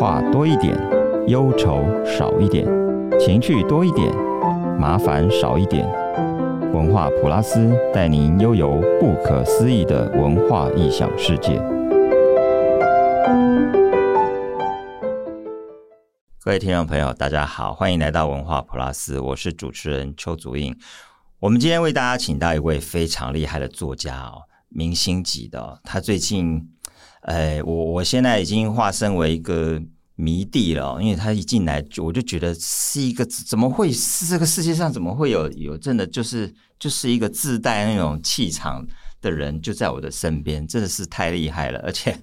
話多一點，憂愁少一點，情趣多一點，麻煩少一點。文化普拉斯帶您悠遊不可思議的文化異想世界。各位聽眾朋友，大家好，歡迎來到文化普拉斯，我是主持人邱祖胤。我們今天為大家請到一位非常厲害的作家哦，明星級的。他最近，哎，我我現在已經化身為一個。迷弟了哦，因為他一進來我就覺得是一個，怎麼會是這個世界上怎麼會有有真的就是就是一個自帶那種氣場的人就在我的身邊，真的是太厲害了，而且。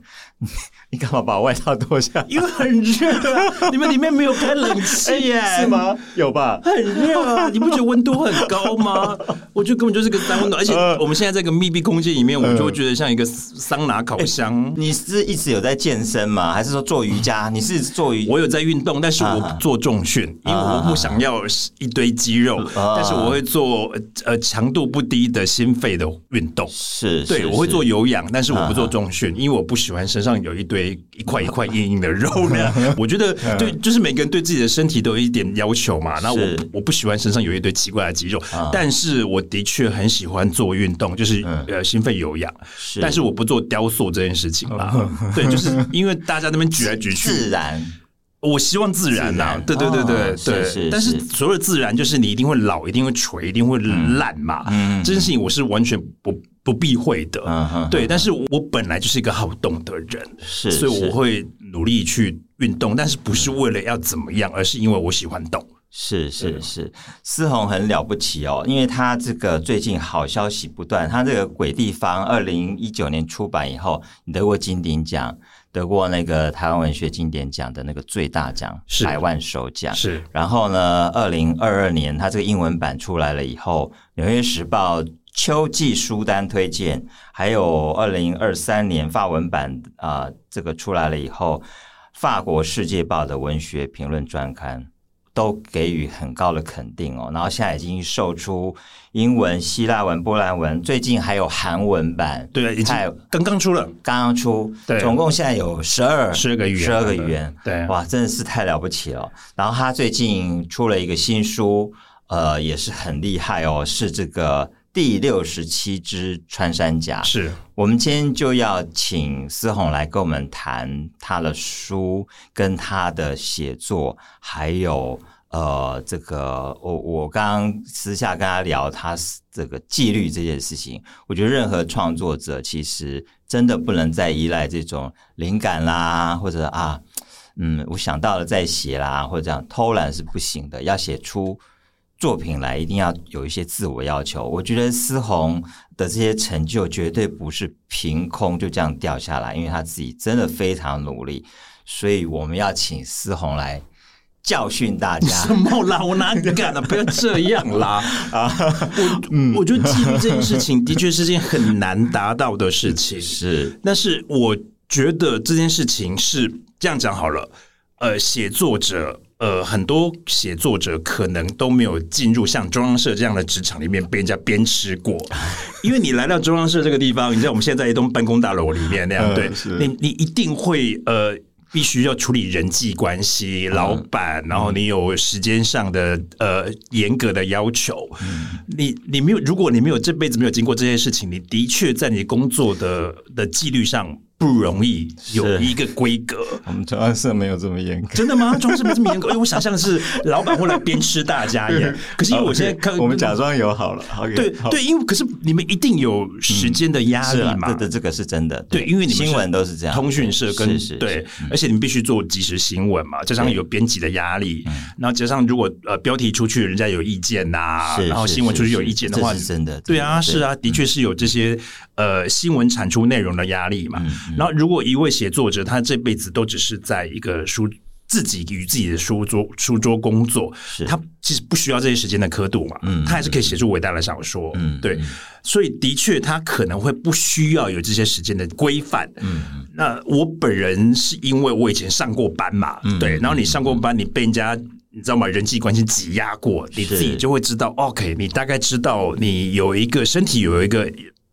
你幹嘛把外套脫下？因為很熱啊。你們裡面沒有開冷氣耶？是嗎？有吧？很熱啊，你不覺得溫度很高嗎？我覺得根本就是個三溫暖。而且我們現在這個密閉空間裡面，我就會覺得像一個桑拿烤箱。你是一直有在健身嗎？還是說做瑜伽？你是做？瑜，我有在運動，但是我不做重訓，因為我不想要一堆肌肉，但是我會做呃強度不低的心肺的運動。是，對，我會做有氧，但是我不做重訓，因為我不喜歡身。身上有一堆一塊一塊硬硬的肉呢，我覺得對，就是每個人對自己的身體都有一點要求嘛。那我我不喜歡身上有一堆奇怪的肌肉，但是我的確很喜歡做運動，就是呃心肺有氧。但是我不做雕塑這件事情啦。對，就是因為大家在那邊舉來舉去，自然，我希望自然吶、啊。對對對對對，對，但是所有的自然就是你一定會老，一定會垂，一定會爛嘛。嗯，這件事情我是完全不。不避諱的，嗯、哼對，嗯、哼但是我本來就是一個好動的人，是，所以我會努力去運動，是但是不是為了要怎麼樣，嗯、而是因為我喜歡動。是是是，思、哎、呦宏很了不起哦，因為他這個最近好消息不斷，他這個鬼地方二零一九年出版以後，你得過金鼎獎，得過那個台灣文學金典獎的那個最大獎，百萬是首獎。是，然後呢，二零二二年他這個英文版出來了以後，《紐約時報》。秋季書單推薦，還有二零二三年法文版啊，呃，這個出來了以後，法國世界報的文學評論專刊都給予很高的肯定哦。然後現在已經售出英文、希臘文、波蘭文，最近還有韓文版，對，已經太剛剛出了，剛剛出，對，總共現在有十二十二個語言，啊，十二個語言，對，哇，真的是太了不起了。對然後他最近出了一個新書，呃，也是很厲害哦，是這個。第六十七隻穿山甲，是我們今天就要請思宏來跟我們談他的書，跟他的寫作，還有呃，這個我我剛剛私下跟他聊他這個紀律這件事情，我覺得任何創作者其實真的不能再依賴這種靈感啦，或者啊，嗯，我想到了再寫啦，或者這樣偷懶是不行的，要寫出作品來，一定要有一些自我要求，我覺得思宏的這些成就絕對不是憑空就這樣掉下來，因為他自己真的非常努力，所以我們要請思宏來教訓大家。什麼啦？我哪敢了啊？ 不要這樣啦！我我覺得記這件事情的確是件很難達到的事情。是，但是我覺得這件事情是這樣講好了。呃，寫作者。呃，很多寫作者可能都沒有進入像中央社這樣的職場裡面被人家鞭笞過， 因為你來到中央社這個地方，你知道我們現在一棟辦公大樓裡面那樣，嗯、對你你一定會呃，必須要處理人際關係，嗯、老闆，然後你有時間上的呃嚴格的要求，嗯、你你沒有，如果你沒有這輩子沒有經過這些事情，你的確在你工作的的紀律上不容易有一個規格，我們中央社沒有這麼嚴格。真的嗎？中央社沒有這麼嚴格？哎，因為我想象的是老板或者鞭笞大家呀！可是因為我現在看，我們假裝有好了。對對，因為可是你們一定有時間的壓力嘛？對，這個是真的。對，因為你們新聞都是這樣，通訊社跟對，而且你們必須做即時新聞嘛，加上有編輯的壓力，然後加上如果呃標題出去，人家有意見吶，然後新聞出去有意見的話，是真的對啊，是啊，的確是有這些呃新聞產出內容的壓力嘛。然後，如果一位寫作者他這輩子都只是在一個書自己與自己的書桌書桌工作，他其實不需要這些時間的刻度嘛。他還是可以寫出偉大的小說。對，所以的確他可能會不需要有這些時間的規範。那我本人是因為我以前上過班嘛。對，然後你上過班，你被人家你知道嗎？人際關係擠壓過，你自己就會知道。OK，你大概知道你有一個身體有一個。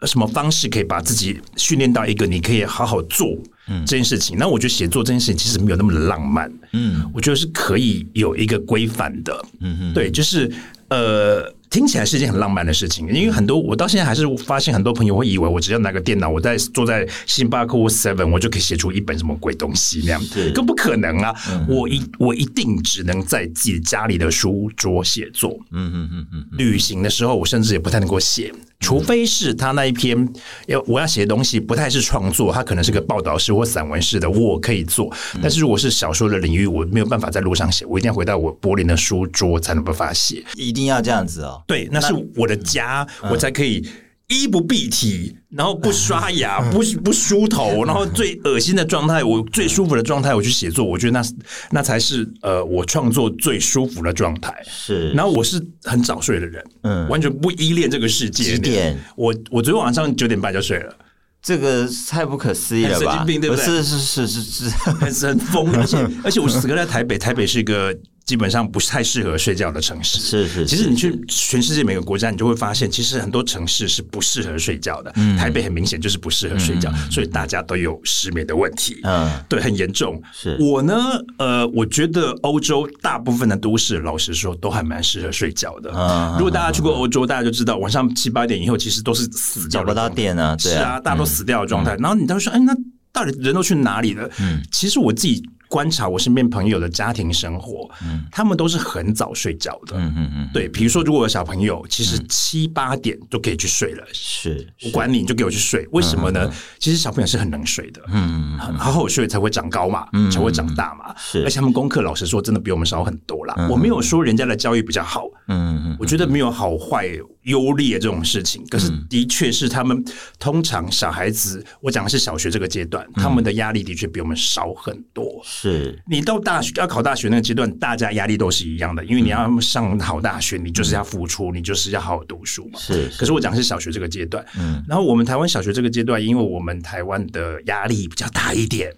什麼方式可以把自己訓練到一個你可以好好做這件事情？嗯、那我覺得寫作這件事情其實沒有那麼浪漫。嗯，我覺得是可以有一個規範的。嗯嗯哼，對，就是呃，聽起來是一件很浪漫的事情，因為很多、嗯、哼我到現在還是發現很多朋友會以為我只要拿個電腦，我在坐在星巴克或 Seven，我就可以寫出一本什麼鬼東西那樣。對是，更不可能啊！嗯、哼我一我一定只能在自己家裡的書桌寫作。嗯嗯嗯嗯，旅行的時候我甚至也不太能夠寫。除非是他那一篇要我要寫的東西不太是創作，他可能是個報道式或散文式的，我可以做。但是如果是小說的領域，我沒有辦法在路上寫，我一定要回到我柏林的書桌才能辦法寫。一定要這樣子哦，對，那是我的家，那我才可以、嗯。衣不蔽體，然後不刷牙，不不梳頭，然後最噁心的狀態，我最舒服的狀態，我去寫作，我覺得那那才是呃我創作最舒服的狀態。是，然後我是很早睡的人，嗯，完全不依戀這個世界。幾點？我我昨天晚上九點半就睡了，這個太不可思議了吧？神經病對不對？是是是是是，很瘋。而且而且我是死在台北，台北是一個。基本上不是太適合睡覺的城市。是是，其實你去全世界每個國家，你就會發現，其實很多城市是不適合睡覺的。台北很明顯就是不適合睡覺，所以大家都有失眠的問題。嗯，對，很嚴重。是。我呢，呃，我覺得歐洲大部分的都市，老實說，都還蠻適合睡覺的。嗯，如果大家去過歐洲，大家就知道，晚上七八點以後，其實都是死，找不到店啊，是啊，大家都死掉的狀態。然後你都說，哎，那。到底人都去哪裡了？嗯，其實我自己觀察我身邊朋友的家庭生活，他們都是很早睡覺的。嗯嗯嗯。對，比如說，如果有小朋友，其實七八點都可以去睡了。是，我管你，你就給我去睡。為什麼呢？其實小朋友是很能睡的。嗯。好好好睡才會長高嘛，才會長大嘛。是。而且他們功課，老實說，真的比我們少很多啦。我沒有說人家的教育比較好。嗯嗯。我覺得沒有好壞、優劣這種事情。可是，的確是他們通常小孩子，我講的是小學這個階段。他們的壓力的確比我們少很多。是你到大學要考大學那個階段，大家壓力都是一樣的，因為你要上好大學，你就是要付出，你就是要好好讀書嘛。是，可是我講的是小學這個階段。嗯，然後我們台灣小學這個階段，因為我們台灣的壓力比較大一點，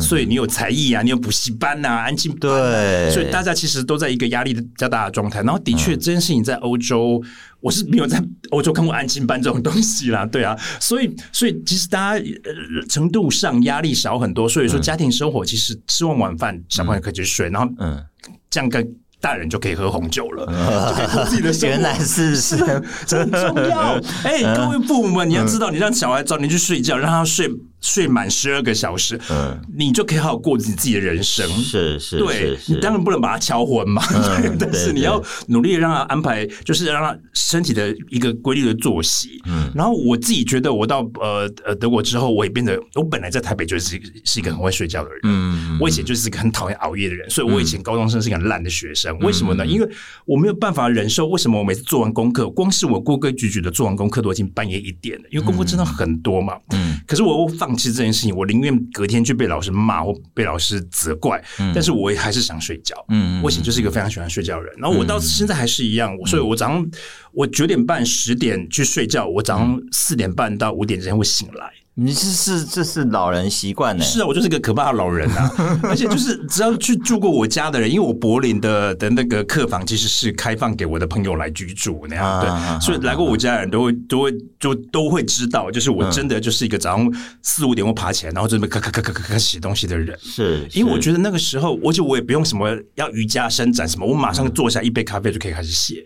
所以你有才藝啊，你有補習班啊，安親班。對。所以大家其實都在一個壓力的比較大的狀態。然後的確，真是你在歐洲，我是沒有在歐洲看過安親班這種東西啦。對啊，所以，所以其實大家、呃、程度上。壓力少很多，所以說家庭生活其實吃完晚飯，嗯、小朋友可以去睡，然後嗯，這樣跟大人就可以喝紅酒了，嗯、自己的原來是是，是這很重要。哎、嗯欸，各位父母們，你要知道，你讓小孩早點去睡覺，讓他睡。睡滿十二個小時，嗯、你就可以好好過你自己的人生，是是，是是對，是是你當然不能把它敲昏嘛，嗯、 但是你要努力讓他安排，就是讓他身體的一個規律的作息。嗯、然後我自己覺得，我到呃呃德國之後，我也變得，我本來在台北就是是一個很會睡覺的人，嗯、我以前就是一個很討厭熬夜的人，所以我以前高中生是一個很爛的學生，嗯、為什麼呢？因為我沒有辦法忍受，為什麼我每次做完功課，光是我規規矩矩的做完功課，都已經半夜一點了，因為功課真的很多嘛，嗯嗯、可是我，我放。其實這件事情，我寧願隔天去被老師罵或被老師責怪，嗯，但是我也還是想睡覺。嗯，我以前就是一個非常喜歡睡覺的人，嗯，然後我到現在還是一樣。嗯，所以我早上我九點半十點去睡覺，嗯，我早上四點半到五點之間會醒來。你這是這是老人習慣呢？是啊，我就是個可怕的老人啊！而且就是只要去住過我家的人，因為我柏林的的那個客房其實是開放給我的朋友來居住那樣，對。所以來過我家的人都會都會就都會知道，就是我真的就是一個早上四五點我爬起來，然後準備咔咔咔咔咔咔洗東西的人，是，因為我覺得那個時候，而且我也不用什麼要瑜伽伸展什麼，我馬上坐下一杯咖啡就可以開始寫。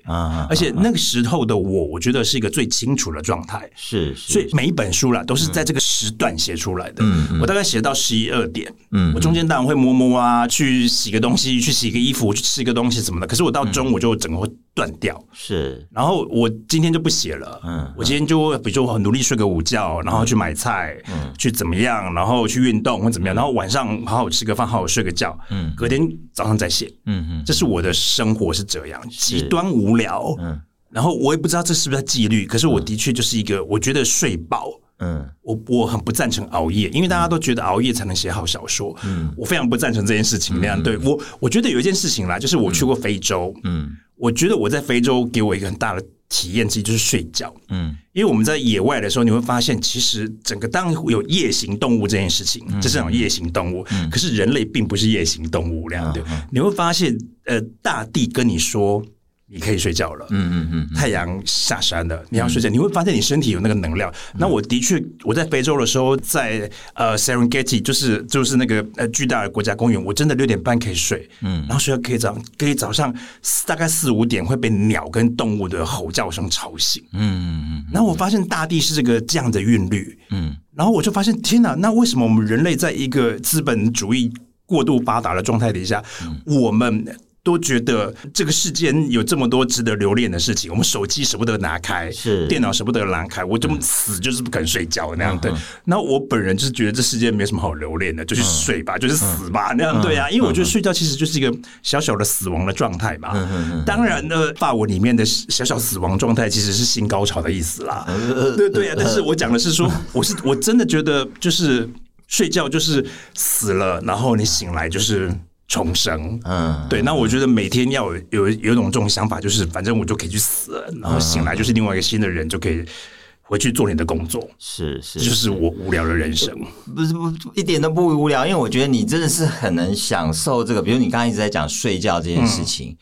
而且那個時候的我，我覺得是一個最清楚的狀態，是，所以每一本書了都是在這一個時段寫出來的，我大概寫到十一二點，我中間當然會摸摸啊，去洗個東西，去洗個衣服，去吃個東西什麼的。可是我到中午就整個會斷掉，是。然後我今天就不寫了，我今天就比如說很努力睡個午覺，然後去買菜，去怎麼樣，然後去運動或怎麼樣，然後晚上好好吃個飯，好好睡個覺，嗯，隔天早上再寫，嗯，這是我的生活是這樣，極端無聊，嗯。然後我也不知道這是不是在紀律，可是我的確就是一個，我覺得睡飽。嗯，我我很不贊成熬夜，因為大家都覺得熬夜才能寫好小說。嗯，我非常不贊成這件事情。那樣對我，我覺得有一件事情啦，就是我去過非洲。嗯，我覺得我在非洲給我一個很大的體驗其實就是睡覺。嗯，因為我們在野外的時候，你會發現其實整個當然有夜行動物這件事情，這、嗯、是種夜行動物。嗯、可是人類並不是夜行動物。那樣對，好好你會發現，呃，大地跟你說。你可以睡覺了，嗯嗯嗯，嗯嗯，太陽下山了，你要睡覺，嗯、你會發現你身體有那個能量。嗯、那我的確，我在非洲的時候在，在呃 Serengeti，就是就是那個呃巨大的國家公園，我真的六點半可以睡，嗯，然後睡覺可以早，可以早上大概四五點會被鳥跟動物的吼叫聲吵醒，嗯嗯嗯，嗯嗯，然後我發現大地是這個這樣的韻律，嗯，然後我就發現天哪，那為什麼我們人類在一個資本主義過度發達的狀態底下，嗯、我們，都覺得這個世界有這麼多值得留戀的事情，我們手機捨不得拿開，是電腦捨不得拿開，我這麼死就是不肯睡覺那樣。對、嗯，那我本人就是覺得這世界沒什麼好留戀的，就去睡吧，嗯、就是死吧、嗯、那樣。對啊，嗯、因為我覺得睡覺其實就是一個小小的死亡的狀態嘛。嗯、當然，呢，法文裡面的小小死亡狀態其實是性高潮的意思啦。嗯、對對啊，但是我講的是說，嗯、我是我真的覺得就是睡覺就是死了，然後你醒來就是。重生，嗯，對，那我覺得每天要有有，有一種這種想法，就是反正我就可以去死，然後醒來就是另外一個新的人，就可以回去做你的工作，是是，是就是我無聊的人生，嗯、不是不是一點都不無聊，因為我覺得你真的是很能享受這個，比如你剛剛一直在講睡覺這件事情，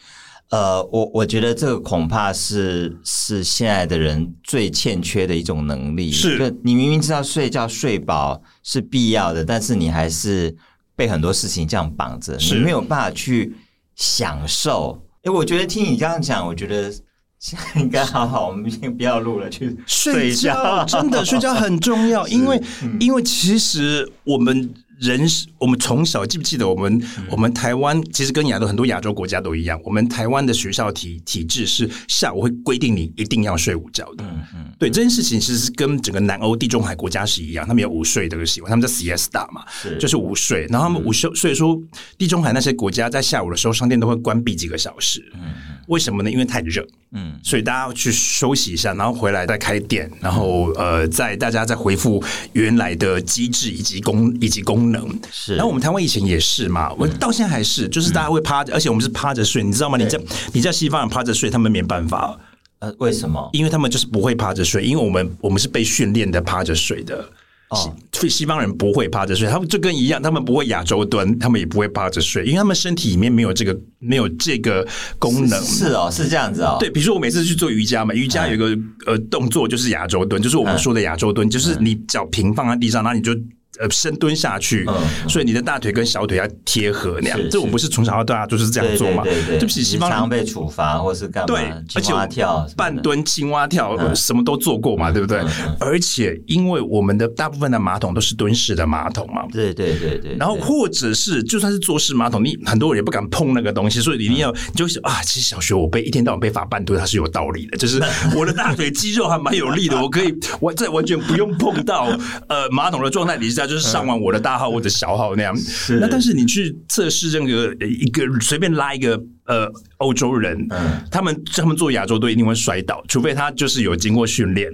嗯、呃，我我覺得這個恐怕是是現在的人最欠缺的一種能力，是，你明明知道睡覺睡飽是必要的，但是你還是。被很多事情這樣綁着，你沒有辦法去享受。誒是、欸、我覺得聽你這樣講，我覺得現在應該好好，是我們先不要錄了，去睡覺。真的，睡覺很重要，是因為、嗯、因為其實我們。人，我們從小記不記得我們、嗯、我們台灣其實跟亞洲很多亞洲國家都一樣，我們台灣的學校體體制是下午會規定你一定要睡午覺的，嗯嗯，嗯，對這件事情其實是跟整個南歐地中海國家是一樣，他們有午睡這個習慣，他們叫 Siesta 嘛，是，就是午睡，然後他們午休，嗯、所以說地中海那些國家在下午的時候商店都會關閉幾個小時，嗯，嗯為什麼呢？因為太熱，嗯，所以大家要去休息一下，然後回來再開店，然後呃，再大家再回復原來的機制以及工以及工。能是，然後我們台灣以前也是嘛，我、嗯、到現在還是，就是大家會趴着，嗯、而且我們是趴着睡，你知道嗎？你在對你在西方人趴着睡，他們沒辦法。呃，為什麼？因為他們就是不會趴着睡，因為我們我們是被訓練的趴着睡的。哦，所以西方人不會趴着睡，他們就跟一樣，他們不會亞洲蹲，他們也不會趴着睡，因為他們身體裡面沒有這個沒有這個功能。是，是哦，是這樣子哦。對，比如說我每次去做瑜伽嘛，瑜伽有一個呃動作就是亞洲蹲，嗯、就是我們說的亞洲蹲，就是你腳平放在地上，然後你就。呃，深蹲下去，所以你的大腿跟小腿要貼合，那樣。這我不是從小到大都是這樣做嘛？對不起，西方常被處罰，或是幹嘛？對，而且蛙跳、半蹲、青蛙跳，什麼都做過嘛？對不對？而且因為我們的大部分的馬桶都是蹲式的馬桶嘛，對對對對。然後或者是就算是坐式馬桶，你很多人也不敢碰那個東西，所以你一定要就是啊，其實小學我被一天到晚被罰半蹲，它是有道理的，就是我的大腿肌肉還蠻有力的，我可以完在完全不用碰到呃馬桶的狀態底下。就是上完我的大號或者小號那樣，嗯，那但是你去測試這個一個隨便拉一個呃歐洲人，嗯，他們他們做亞洲都一定會摔倒，除非他就是有經過訓練。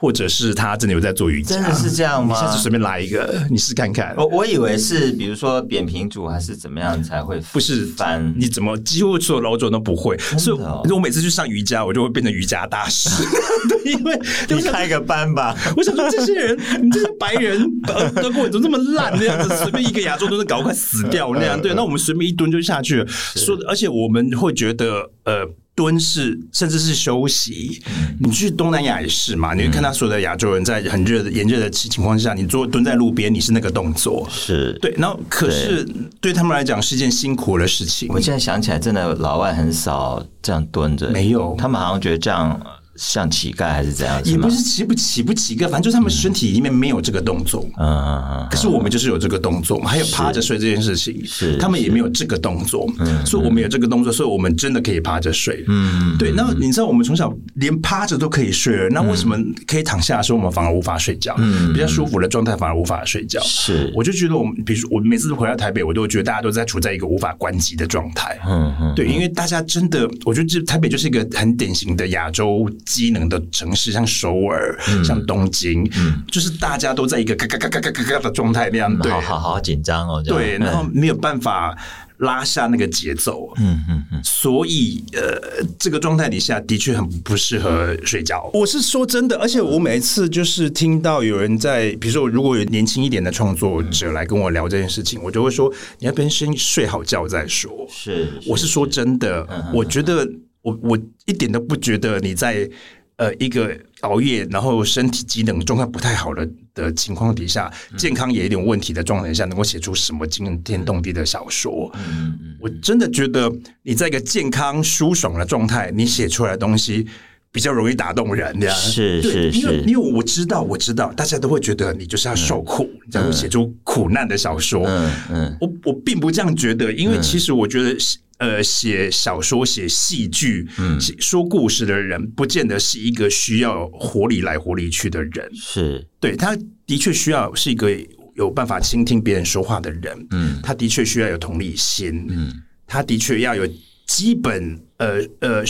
或者是他真的有在做瑜伽？真的是這樣嗎？你下次隨便來一個，你試，試看看。我我以為是比如說扁平足還是怎麼樣才會翻？嗯、不是翻？你怎麼幾乎所有老總都不會？是、哦？所以我每次去上瑜伽，我就會變成瑜伽大師。 對，因為是開個班吧？我想說這些人？你這些白人？德國人怎麼這麼爛那樣子？隨便一個亞洲都能搞快死掉那樣？ 對，那我們隨便一蹲就下去了。是說，而且我們會覺得呃。蹲是，甚至是休息。你去東南亞也是嘛？你會看到所有的亞洲人在很熱、炎熱的情情況下，你坐蹲在路邊，你是那個動作，是對。然後可是對他們來講是一件辛苦的事情。我現在想起來，真的老外很少這樣蹲着，沒有，他們好像覺得這樣。像乞丐還是怎樣？也不是乞不乞不乞丐，反正就是他們身體裡面沒有這個動作。嗯，可是我們就是有這個動作嘛，還有趴着睡這件事情，他們也沒有這個動作，所以我們有這個動作，所以我們真的可以趴着睡。嗯，對。那你知道，我們從小連趴着都可以睡，那為什麼可以躺下的時候，我們反而無法睡覺？比較舒服的狀態反而無法睡覺。是，我就覺得我們，比如說我每次都回到台北，我都覺得大家都在處在一個無法關機的狀態。嗯嗯，對，因為大家真的，我覺得這台北就是一個很典型的亞洲機能的城市，像首爾，嗯、像東京，嗯、就是大家都在一個嘎嘎嘎嘎嘎嘎的狀態，那樣，嗯、對好好好緊張哦。對，樣然後沒有辦法拉下那個節奏，嗯嗯嗯。所以，呃，這個狀態底下的確很不適合睡覺。嗯、我是說真的，而且我每一次就是聽到有人在，比如說如果有年輕一點的創作者來跟我聊這件事情，我就會說：“你要不要先睡好覺再說。”是，是，我是說真的，我覺得。我我一點都不覺得你在呃一個熬夜然後身體機能狀態不太好的的情況底下，嗯、健康也有點問題的狀態下，能夠寫出什麼驚天動地的小說？嗯嗯嗯、我真的覺得你在一個健康舒爽的狀態，你寫出來的東西比較容易打動人的是。是是對，因為因為我知道我知道大家都會覺得你就是要受苦，嗯、然後寫出苦難的小說。嗯嗯、我我並不這樣覺得，因為其實我覺得。呃，寫小說、寫戲劇、嗯，說故事的人，不見得是一個需要活力來活力去的人。是，對，他的確需要是一個有辦法傾聽別人說話的人，嗯，他的確需要有同理心，嗯，他的確要有基本，呃，呃。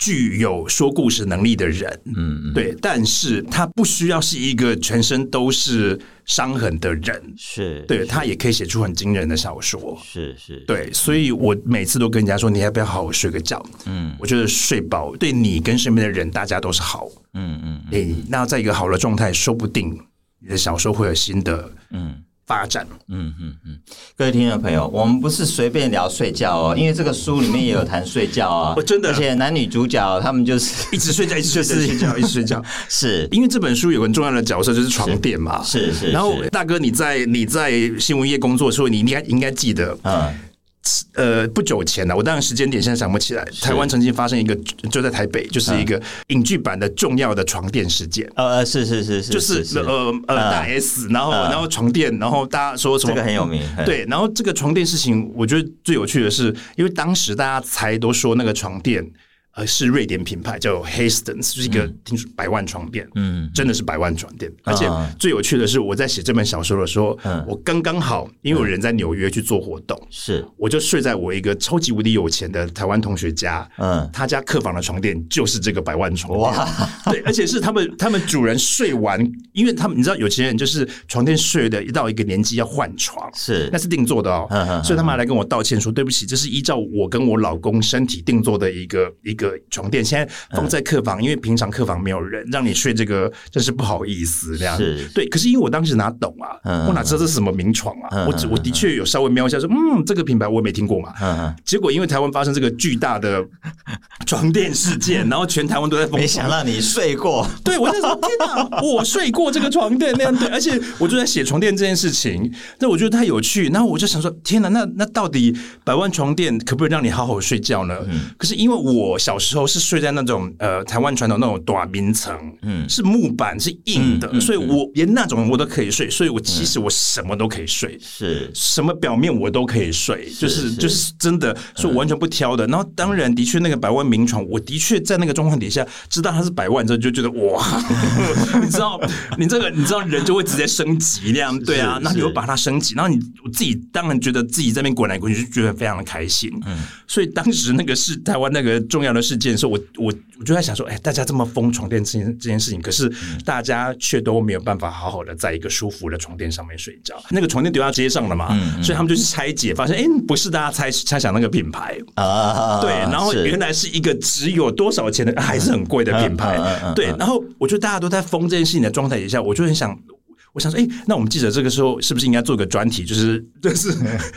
具有說故事能力的人，嗯，嗯，對，但是他不需要是一個全身都是傷痕的人，是，是，對，他也可以寫出很驚人的小說，是是，對，所以我每次都跟人家說，你要不要好好睡個覺？嗯，嗯，我覺得睡飽對你跟身邊的人，大家都是好，嗯嗯，嗯，誒、欸，那在一個好的狀態，說不定你的小說會有新的，嗯。發展，嗯嗯嗯，嗯嗯，各位聽眾朋友，我們不是隨便聊睡覺哦，因為這個書裡面也有談睡覺啊，我 真的，而且男女主角他們就是 一直睡覺，一直睡覺，一直睡覺， 是因為這本書有個重要的角色就是床墊嘛，是是，是是，是，然後大哥你在你在新聞業工作的時候，你應該應該記得，嗯。呃，不久前呢，我當然時間點現在想不起來。是。台灣曾經發生一個，就在台北，就是一個影劇版的重要的床墊事件。啊，就是，呃，是是是是，就是呃呃大 S，啊，然後然後床墊，然後大家說什麼這個很有名對，然後這個床墊事情，我覺得最有趣的是，嗯，因為當時大家才都說那個床墊。是瑞典品牌，叫 Hästens，就是一個聽說百萬床墊，嗯，真的是百萬床墊。而且最有趣的是，我在寫這本小說的時候，我剛剛好，因為我人在紐約去做活動，是，我就睡在我一個超級無敵有錢的台灣同學家，嗯，他家客房的床墊就是這個百萬床，哇，對，而且是他們他們主人睡完，因為他們你知道有錢人就是床墊睡的，一到一個年紀要換床，是，那是定做的哦，所以他們還來跟我道歉說，對不起，這是依照我跟我老公身體定做的一個一。個床墊現在放在客房，因為平常客房沒有人，讓你睡這個真是不好意思這樣。對，可是因為我當時哪懂啊，我哪知道這是什麼名床啊？我只我的確有稍微瞄一下，說嗯，這個品牌我也沒聽過嘛。結果因為台灣發生這個巨大的床墊事件，然後全台灣都在瘋狂，沒想讓你睡過。對，我在說天哪，我睡過這個床墊那樣，對，而且我就在寫床墊這件事情，那我覺得太有趣。那我就想說天哪，那那到底百萬床墊可不可以讓你好好睡覺呢？可是因為我想。小時候是睡在那種呃台灣傳統那種短眠床，嗯，是木板是硬的，所以我連那種我都可以睡，所以我其實我什麼都可以睡，是什麼表面我都可以睡，就是就是真的，所以完全不挑的。然後當然的確那個百萬名床，我的確在那個狀況底下知道它是百萬之後就覺得哇，你知道，你這個你知道人就會直接升級那樣，對啊，那你會把它升級，然後你我自己當然覺得自己在那邊滾來滾去就覺得非常的開心，嗯，所以當時那個是台灣那個重要的。事件的時候，我我我就在想說，哎、欸，大家這麼瘋床墊這件這件事情，可是大家卻都沒有辦法好好的在一個舒服的床墊上面睡覺。嗯、那個床墊丟到街上了嘛，嗯嗯，所以他們就去拆解，發現，哎、欸，不是大家猜猜想那個品牌。啊啊啊啊啊，對，然後原來是一個只有多少錢的，是，還是很貴的品牌，對，然後我覺得大家都在瘋這件事情的狀態底下，我就很想。我想說，哎、欸，那我們記者這個時候是不是應該做個專題？就是，就是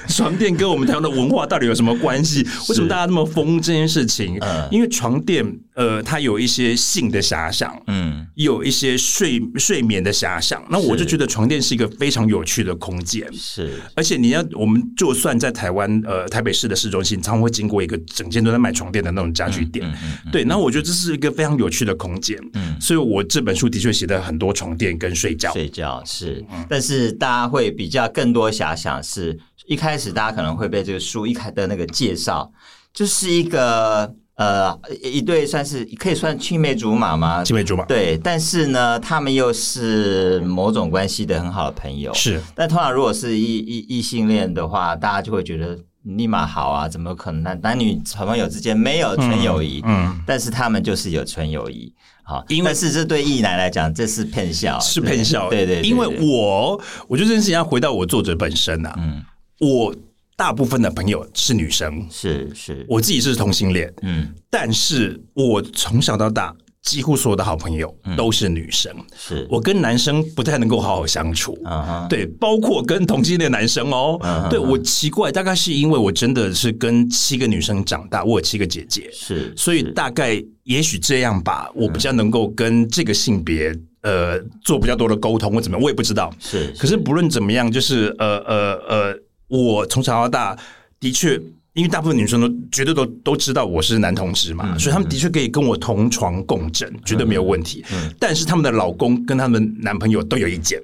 床墊跟我們台灣的文化到底有什麼關係？ 是為什麼大家那麼瘋這件事情？呃、因為床墊，呃，它有一些性的遐想，嗯，有一些睡睡眠的遐想。那我就覺得床墊是一個非常有趣的空間。是，而且你要我們就算在台灣，呃，台北市的市中心，常常會經過一個整間都在賣床墊的那種家具店。嗯嗯嗯、對，那我覺得這是一個非常有趣的空間。嗯，所以我這本書的確寫的很多床墊跟睡覺，睡覺。是，但是大家會比較更多遐想，是，是一開始大家可能會被這個書一開的那個介紹，就是一個呃一對算是可以算青梅竹馬嗎？青梅竹馬。對，但是呢，他們又是某種關係的很好的朋友。是，但通常如果是異異異性戀的話，大家就會覺得立馬好啊，怎麼可能男男女好朋友之間沒有純友誼？嗯，嗯，但是他們就是有純友誼。好，因為是這對異男來講，這是偏笑，是偏笑，對對，對。因為我，我覺得這件事情要回到我作者本身吶、啊。嗯，我大部分的朋友是女生，是是，我自己是同性戀，嗯，但是我從小到大。幾乎所有的好朋友都是女生，嗯、是我跟男生不太能夠好好相處。啊、哈對，包括跟同性戀男生哦。啊、哈哈對我奇怪，大概是因為我真的是跟七個女生長大，我有七個姐姐，是，是所以大概也許這樣吧，我比較能夠跟這個性別、嗯、呃做比較多的溝通，或怎麼樣，我也不知道。是,是，可是不論怎麼樣，就是呃呃呃，我從小到大的確。因為大部分女生都絕對都都知道我是男同志嘛，嗯嗯、所以他們的確可以跟我同床共枕，嗯、絕對沒有問題。嗯嗯、但是他們的老公跟他們男朋友都有意見，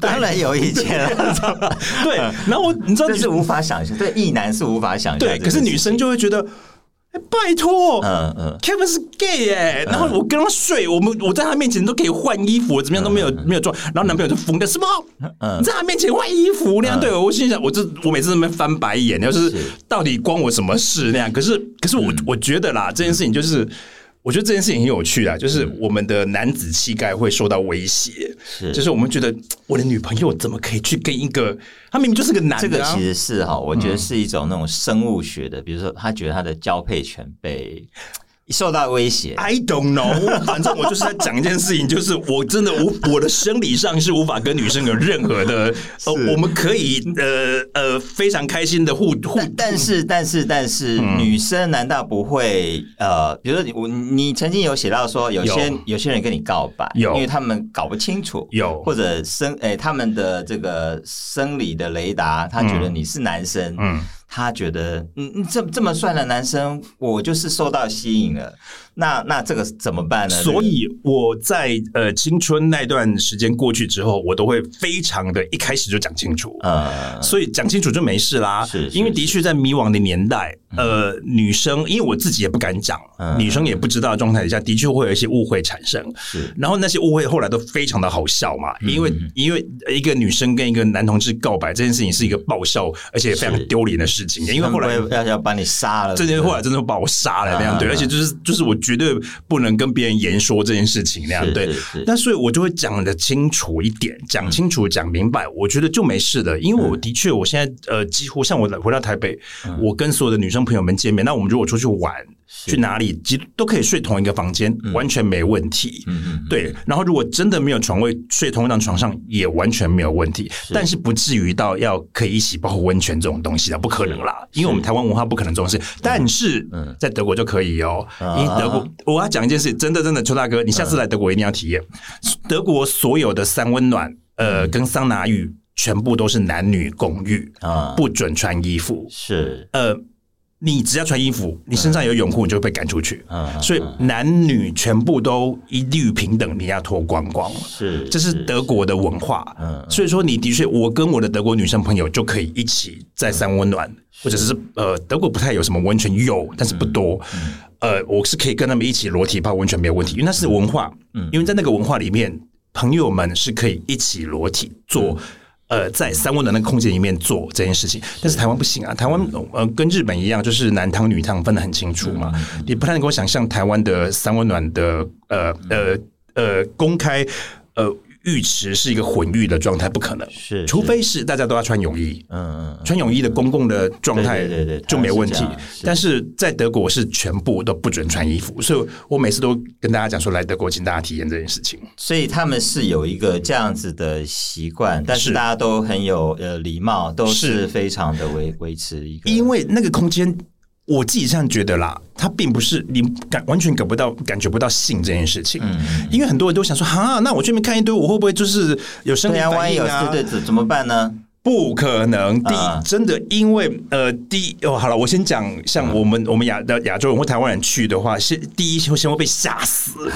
當然有意見了，對，然後你知道這是無法想象，對，異男是無法想象，對，可是女生就會覺得。拜託，嗯嗯、uh, uh,，Kevin 是 gay 哎、欸，uh, 然後我跟他睡，我們我在他面前都可以換衣服，我怎麼樣都沒有沒有裝，然後男朋友就瘋掉，什麼、uh, uh,？嗯，在他面前換衣服那樣，uh, uh, 對我，我心想，我這我每次都在翻白眼，uh, uh, 就是到底關我什麼事那樣？是可是可是我我覺得啦，嗯、這件事情就是。我覺得這件事情很有趣啊，就是我們的男子氣概會受到威脅。嗯，是，就是我們覺得我的女朋友怎麼可以去跟一個他明明就是個男的啊，這個其實是哈，嗯，我覺得是一種那種生物學的，比如說他覺得他的交配權被。受到威脅，I don't know。反正我就是在講一件事情， 就是我真的無我,我的生理上是無法跟女生有任何的。 是呃、我們可以呃呃非常開心的互互但是但是但是，但是但是嗯、女生難道不會呃？比如說我你,你曾經有寫到說，有些有,有些人跟你告白，有因為他們搞不清楚，有或者生、欸、他們的這個生理的雷達，他覺得你是男生，嗯。嗯他覺得，嗯嗯，這這麼帥的男生，我就是受到吸引了。那那這個怎麼辦呢？所以我在呃青春那段時間過去之後，我都會非常的一開始就講清楚啊，所以講清楚就沒事啦。是，因為的確在迷惘的年代，呃，女生因為我自己也不敢講，女生也不知道的狀態下，的確會有一些誤會產生。是，然後那些誤會後來都非常的好笑嘛，因為因為一個女生跟一個男同志告白這件事情是一個爆笑而且非常丟臉的事情，因為後來要要把你殺了，這件事後來真的把我殺了那樣對，而且就是就是我，絕對不能跟別人言說這件事情那樣，是是是，對。那所以我就會講得清楚一點，講是是清楚講明白，嗯、我覺得就沒事的，因為我的確，我現在呃，幾乎像我回到台北，嗯、我跟所有的女生朋友們見面，那我們如果出去玩，去哪裡，其實都可以睡同一個房間，完全沒問題。對。然後，如果真的沒有床位，睡同一張床上也完全沒有問題。但是不至於到要可以一起，包括溫泉這種東西不可能啦，因為我們台灣文化不可能這種事。但是在德國就可以哦。因為德國，我要講一件事，真的真的，邱大哥，你下次來德國一定要體驗，德國所有的三溫暖，呃，跟桑拿浴，全部都是男女共浴，啊，不准穿衣服。是，呃。你只要穿衣服，你身上有泳褲，你就會被趕出去。嗯嗯嗯、所以男女全部都一律平等，你要脫光光。是，是，這是德國的文化。所以說，你的確，我跟我的德國女生朋友就可以一起在三溫暖，嗯、或者是呃，德國不太有什麼溫泉，有，但是不多。嗯嗯、呃，我是可以跟他們一起裸體泡溫泉沒有問題，因為那是文化。嗯嗯、因為在那個文化裡面，朋友們是可以一起裸體做。呃，在三溫暖的空間裡面做這件事情，但是台灣不行啊，台灣呃跟日本一樣，就是男湯女湯分得很清楚嘛，你不太能夠想象台灣的三溫暖的呃呃呃公開呃，浴池是一個混浴的狀態，不可能是，是除非是大家都要穿泳衣，嗯嗯，穿泳衣的公共的狀態，對對，就沒問題。但是在德國是全部都不准穿衣服，所以我每次都跟大家講說，來德國請大家體驗這件事情。所以他們是有一個這樣子的習慣，但是大家都很有呃禮貌，都是非常的維維持一個，因為那個空間。我自己這樣覺得啦，他並不是你感完全感不到、感覺不到性這件事情，嗯嗯，因為很多人都想說啊，那我這邊看一堆，我會不會就是有生理反應、啊啊，萬一有四對子怎麼辦呢？不可能，第一、uh uh. 真的，因為呃，第一哦，好了，我先講，像我們、uh huh. 我們亞的亞洲人或台灣人去的話，先，第一會先會被嚇死，uh huh.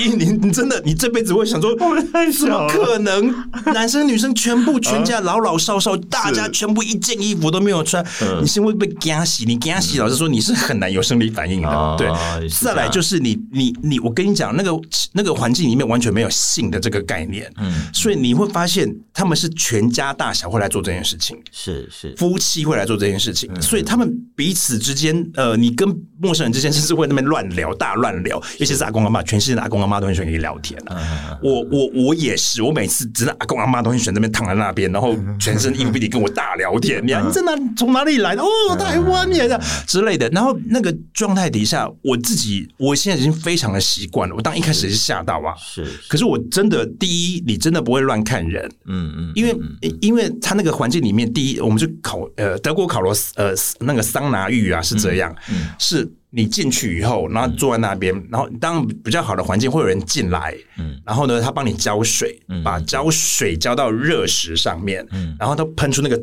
因為你，你真的你這輩子會想說，我怎麼可能？男生女生全部、uh huh. 全家老老少少，uh huh. 大家全部一件衣服都沒有穿，uh huh. 你先會被嚇死，你嚇死，老實說你是很難有生理反應的。Uh huh. 對，再來就是你你你，你，我跟你講，那個那個環境裡面完全沒有性的這個概念，嗯、uh，huh. 所以你會發現他們是全家大小過來。做這件事情是是夫妻會來做這件事情，所以他們彼此之間，呃，你跟陌生人之間是是會那邊亂聊大亂聊，尤其是阿公阿媽，是全世界的阿公阿媽都很喜歡跟你聊天、啊 uh huh. 我我我也是，我每次只道阿公阿媽都很喜歡這邊躺在那邊，然後全身硬逼你跟我大聊天，uh huh. 你在哪，從哪裡來的？哦、oh, 台灣來的之類的。然後那個狀態底下，我自己我現在已經非常的習慣了。我當一開始是嚇到啊，是，是可是我真的第一，你真的不會亂看人，嗯嗯、uh，huh. 因為、uh huh. 因為他。那個環境裡面，第一，我們就考呃德國考羅斯呃那個桑拿浴啊，是這樣，嗯嗯、是你進去以後，然後坐在那邊，嗯、然後當比較好的環境會有人進來，嗯、然後呢，他幫你澆水，嗯、把澆水澆到熱石上面，嗯、然後他噴出那個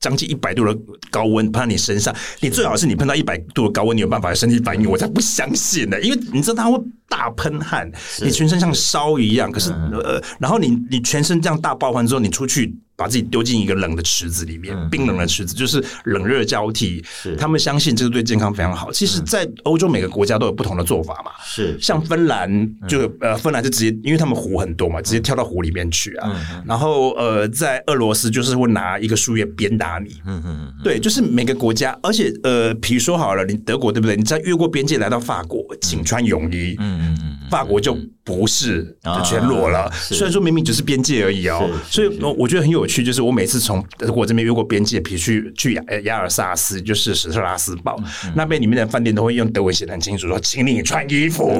將近一百度的高溫噴在你身上，的你最好是你噴到一百度的高溫，你有辦法身體反應，我才不相信呢、欸，因為你知道他會大噴汗，你全身像燒一樣，是的可是嗯嗯呃，然後你你全身這樣大爆汗之後，你出去。把自己丟進一個冷的池子裡面，冰冷的池子，嗯、就是冷熱交替。是他們相信這個對健康非常好。其實，在歐洲每個國家都有不同的做法嘛。是，嗯，像芬蘭就，嗯、呃，芬蘭就直接，因為他們湖很多嘛，直接跳到湖裡面去啊。嗯嗯嗯，然後呃，在俄羅斯就是會拿一個樹葉鞭打你。嗯嗯。嗯嗯對，就是每個國家，而且呃，譬如說好了，你德國對不對？你再越過邊界來到法國，請穿泳衣。嗯嗯。嗯嗯法國就不是、嗯、就全裸了，啊、雖然說明明只是邊界而已哦，所以我覺得很有趣，就是我每次從德國這邊越過邊界，譬如去去亞爾薩斯，就是史特拉斯堡、嗯、那邊，裡面的飯店都會用德文寫的很清楚說，說請你穿衣服，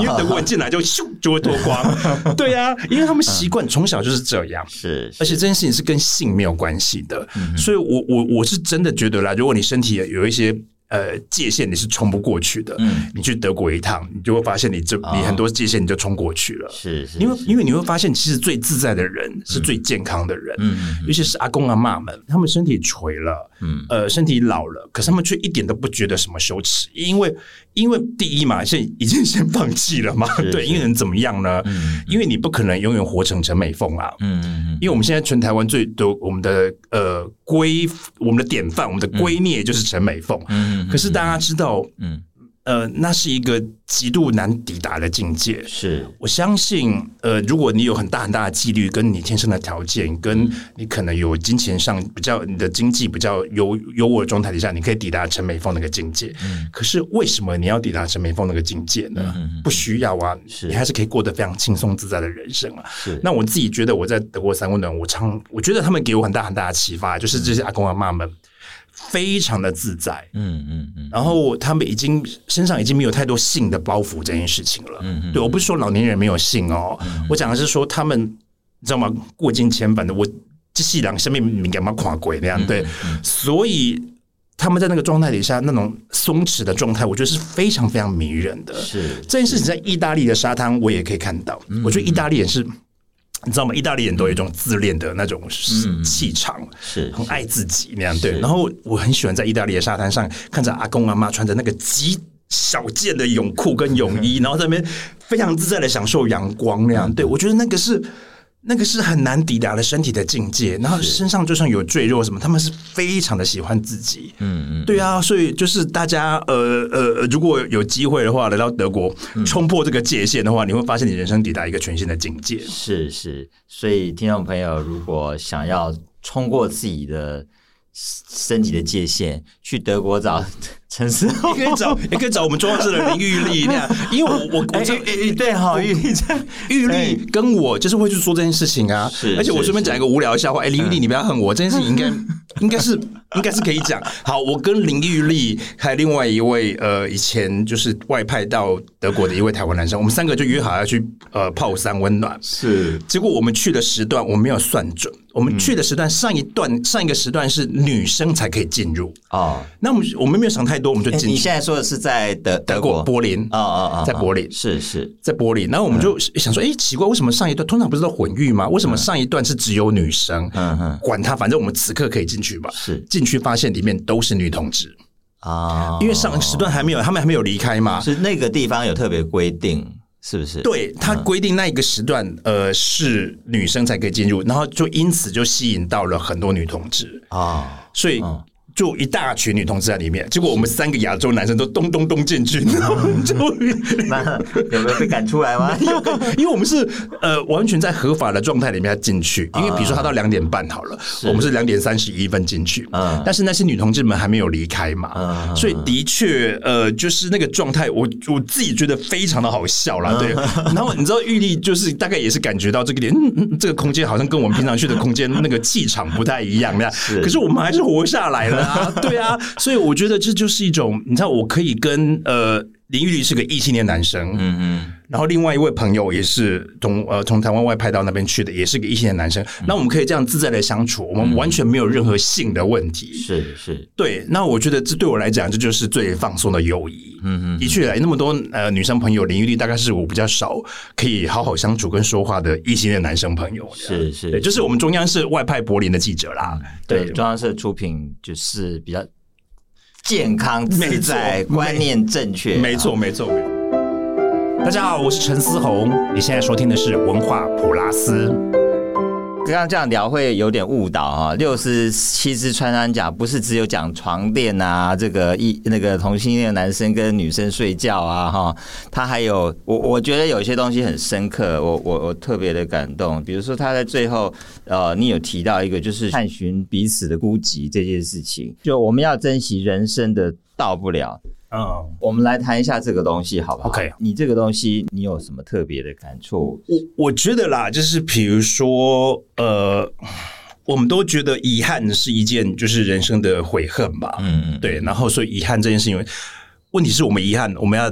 因為德國進來就咻就會脫光，對呀，因為他們習慣從小就是這樣，是，是，而且這件事情是跟性沒有關係的，嗯、所以我我我是真的覺得啦，如果你身體有一些。呃，界限，你是沖不過去的。嗯、你去德國一趟，你就會發現，你這、哦、你很多界限你就衝過去了。是、是、是、是，因為因為你會發現，其實最自在的人是最健康的人。嗯、尤其是阿公阿嬤們，他們身體垂了，嗯、呃，身體老了，可是他們卻一點都不覺得什麼羞恥，因為。因為第一嘛，現在已經先放棄了嘛，對，因為人怎麼樣呢？因為你不可能永遠活成陳美鳳啊，嗯，因為我們現在全台灣最多我們的呃規，我們的典範，我們的圭臬就是陳美鳳，可是大家知道，嗯。呃，那是一個極度難抵達的境界，是，我相信，呃，如果你有很大很大的紀律跟你天生的條件，跟你可能有金錢上比較，你的經濟比較優優渥的狀態底下，你可以抵達陳美鳳那個境界。嗯，可是為什麼你要抵達陳美鳳那個境界呢？嗯、哼哼不需要啊，是你還是可以過得非常輕鬆自在的人生啊。是，那我自己覺得我在德國三溫暖，我常我覺得他們給我很大很大的啟發，就是這些阿公阿嬤們。嗯非常的自在，嗯嗯嗯，嗯，然後他們已經身上已經沒有太多性的包袱這件事情了，嗯嗯，嗯嗯，對，我不是說老年人沒有性哦，嗯嗯、我講的是說他們，你知道嗎？過盡千帆的我，我這細兩生命敏感嘛垮鬼那樣，對，嗯嗯、所以他們在那個狀態底下那種鬆弛的狀態，我覺得是非常非常迷人的。是、嗯、這件事情在意大利的沙灘我也可以看到，嗯、我覺得意大利也是。你知道嗎？意大利人都有一種自戀的那種氣場，是、嗯、很愛自己那樣是對。是然後我很喜歡在意大利的沙灘上看着阿公阿嬤穿着那個極小件的泳褲跟泳衣，嗯、然後在那邊非常自在的享受陽光那樣嗯嗯對。我覺得那個是。那個是很難抵達的身體的境界，然後身上就算有贅肉什麼，是他們是非常的喜歡自己。嗯，嗯嗯，對啊，所以就是大家呃呃，如果有機會的話，來到德國衝破這個界限的話，嗯，你會發現你人生抵達一個全新的境界。是是，所以聽眾朋友如果想要衝過自己的身體的界限，去德國找。陳思，你可以找，你可以找我們中央社的林玉麗那樣，因為我我我，對哈，玉麗，玉麗跟我就是會去說這件事情啊。而且我順便講一個無聊的笑話，哎，林玉麗，你不要恨我，這件事情應該應該是應該是可以講。好，我跟林玉麗還有另外一位呃，以前就是外派到德國的一位台灣男生，我們三個就約好要去呃泡三溫暖。是，結果我們去的時段我沒有算準，我們去的時段，上一段上一個時段是女生才可以進入啊。那我們我們沒有想太。多我們就進去。欸、你現在說的是在德國德國柏林啊啊啊？在柏林是是，在柏林。然後我們就想說，誒，奇怪，為什麼上一段通常不是都混浴嗎？為什麼上一段是只有女生？嗯，管他，反正我們此刻可以進去嘛。是進去發現裡面都是女同志啊，因為上時段還沒有，他們還沒有離開嘛。是那個地方有特別規定，是不是？對，他規定那一個時段，呃，是女生才可以進入，然後就因此就吸引到了很多女同志啊，所以。就一大群女同志在裡面，結果我們三個亞洲男生都咚咚咚進去，嗯、然後就那有沒有被趕出來嗎？因為我們是呃完全在合法的狀態裡面進去，啊、因為比如說他到兩點半好了，是我們是兩點三十一分進去，啊、但是那些女同志們還沒有離開嘛，啊、所以的確呃就是那個狀態我，我我自己覺得非常的好笑了，對。啊、然後你知道玉麗就是大概也是感覺到這個點，嗯嗯、這個空間好像跟我們平常去的空間、啊、那個氣場不太一樣，是可是我們還是活下來了。 啊，對啊，所以我覺得這就是一種，你知道，我可以跟呃，林玉立是個異性戀男生，嗯嗯哼，然後另外一位朋友也是從呃從台灣外派到那邊去的，也是個異性戀男生。那我們可以這樣自在的相處，嗯、哼我們完全沒有任何性的問題，是是、嗯哼，對。那我覺得這對我來講，這就是最放鬆的友誼。嗯嗯哼，一去的確，那麼多呃女生朋友，林玉立大概是我比較少可以好好相處跟說話的異性戀男生朋友。是是，是對，就是我們中央社外派柏林的記者啦，對，對中央社出品就是比較。健康，自在，沒錯，觀念正確，沒錯，好，沒錯，沒錯，沒錯。大家好，我是陳思宏，你現在收聽的是文化普拉斯。剛剛這樣聊會有點誤導啊、哦！六十七隻穿山甲不是只有講床墊啊，這個一那個同性戀男生跟女生睡覺啊，哈、哦，他還有我我覺得有些東西很深刻，我我我特別的感動。比如說他在最後，呃，你有提到一個就是探尋彼此的孤寂這件事情，就我們要珍惜人生的到不了。嗯，uh, 我們來談一下這個東西好不好，好吧？OK，你這個東西你有什麼特別的感觸？我我覺得啦，就是比如說，呃，我們都覺得遺憾是一件就是人生的悔恨吧。嗯嗯，對。然後所以遺憾這件事情，問題是我們遺憾，我們要。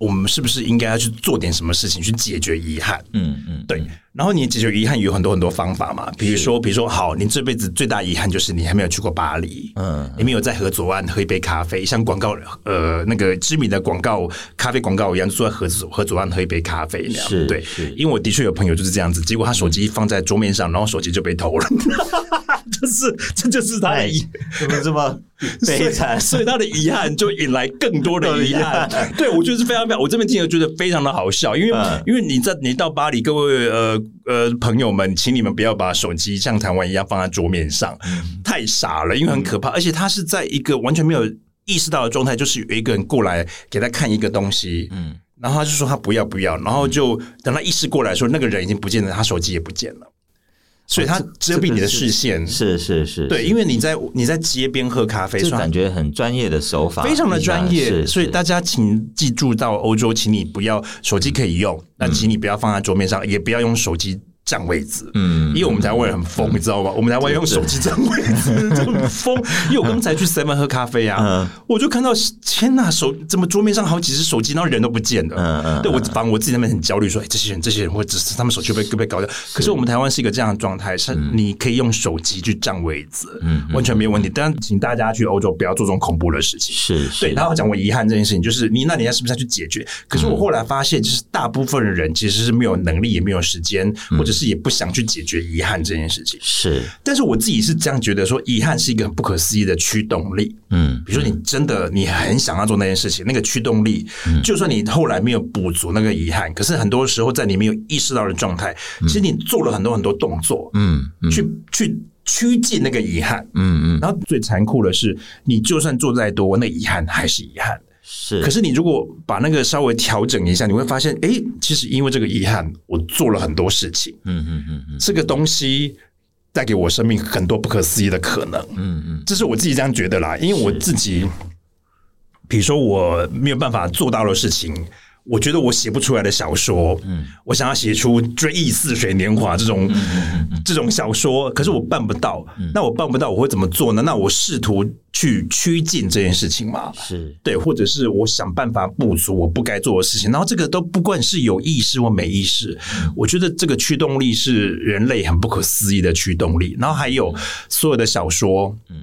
我們是不是應該要去做點什麼事情去解決遺憾？嗯嗯，嗯對。然後你解決遺憾有很多很多方法嘛，比如說，比是如說，好，你這輩子最大遺憾就是你還沒有去過巴黎，嗯，你、嗯、沒有在河左岸喝一杯咖啡，像廣告，呃，那個知名的廣告咖啡廣告一樣，就坐在河左河左岸喝一杯咖啡那樣，是對，是因為我的確有朋友就是這樣子，結果他手機放在桌面上，然後手機就被偷了，哈哈哈哈哈！ 這是，這就是他的意思，欸、真的是不是嘛？ 悲慘非，所以他的遺憾就引來更多的遺憾。 對我就是非常非常，我這邊聽了覺得非常的好笑，因為因為你在你到巴黎，各位呃呃朋友們，請你們不要把手機像台灣一樣放在桌面上，太傻了，因為很可怕。嗯、而且他是在一個完全沒有意識到的狀態，就是有一個人過來給他看一個東西，嗯，然後他就說他不要不要，然後就等他意識過來的時候，說那個人已經不見了，他手機也不見了。所以它遮蔽你的視線，是是、哦這個、是，對，因為你在是你在街邊喝咖啡，就感覺很專業的手法，非常的專業。是所以大家請記住，到歐洲，請你不要手機可以用，那、嗯、請你不要放在桌面上，嗯、也不要用手機。占位子，嗯，因為我們台灣人很瘋，你知道嗎？我們台灣用手機占位子，就很瘋。因為我剛才去 Seven 喝咖啡啊，我就看到天哪，手怎麼桌面上好幾隻手機，然後人都不見了。對，我反正我自己那邊很焦慮，說哎，這些人，這些人我只是他們手機被被搞掉。可是我們台灣是一個這樣的狀態，是你可以用手機去占位子，嗯，完全沒有問題。但請大家去歐洲不要做這種恐怖的事情。是，對，然後講我遺憾這件事情，就是你，那你要是不是要去解決？可是我後來發現，就是大部分的人其實是沒有能力，也沒有時間，或者是。自己也不想去解決遺憾這件事情，是。但是我自己是這樣覺得，說遺憾是一個很不可思議的驅動力。嗯，比如說你真的你很想要做那件事情，那個驅動力，就算你後來沒有補足那個遺憾，可是很多時候在你沒有意識到的狀態，其實你做了很多很多動作，嗯，去去趨近那個遺憾，嗯嗯。然後最殘酷的是，你就算做再多，那遺憾還是遺憾。是，可是你如果把那個稍微調整一下，你會發現，哎、欸，其實因為這個遺憾，我做了很多事情。嗯嗯嗯，這、嗯嗯、個東西帶給我生命很多不可思議的可能。嗯嗯，嗯這是我自己這樣覺得啦，因為我自己，是比如說我沒有辦法做到的事情。我覺得我寫不出來的小說，嗯、我想要寫出《追憶似水年華》這種、嗯嗯嗯嗯、這種小說，可是我辦不到。嗯、那我辦不到，我會怎麼做呢？那我試圖去趨近這件事情嘛，是對，或者是我想辦法補足我不該做的事情。然後這個都不管是有意識或沒意識，嗯、我覺得這個驅動力是人類很不可思議的驅動力。然後還有、嗯、所有的小說，嗯，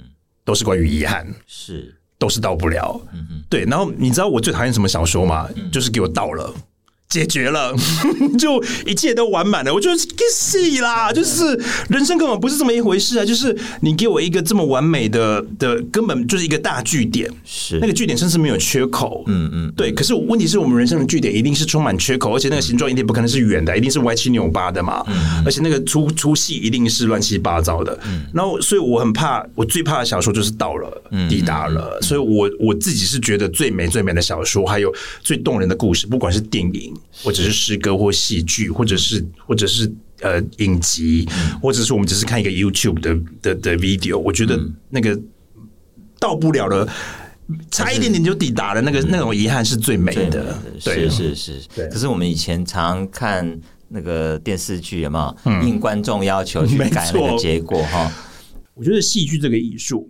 都是關於遺憾、嗯，是。都是到不了，嗯、哼對。然後你知道我最討厭什麼小說嗎？嗯、就是給我到了。解決了， 就一切都完滿了，我就更戲啦。就是人生根本不是這麼一回事啊！就是你給我一個這麼完美的的，根本就是一個大句點，是那個句點甚至沒有缺口。嗯嗯，對。可是問題是我們人生的句點一定是充滿缺口，而且那個形狀一定不可能是圓的，一定是歪七扭八的嘛。嗯。而且那個粗粗細一定是亂七八糟的。嗯。然後，所以我很怕，我最怕的小說就是到了，抵達了。所以我我自己是覺得最美最美的小說，還有最動人的故事，不管是電影。是或者是詩歌，或戲劇，或者是或者是呃影集，嗯、或者是我們只是看一個 YouTube 的的的 video，我覺得那個到不了了，差一點點就抵達了，那個是那種遺憾是最美的。美的對，是，是是。對。可是我們以前常看那個電視劇，有沒有、嗯、應觀眾要求去改那個結果哈？錯齁我覺得戲劇這個藝術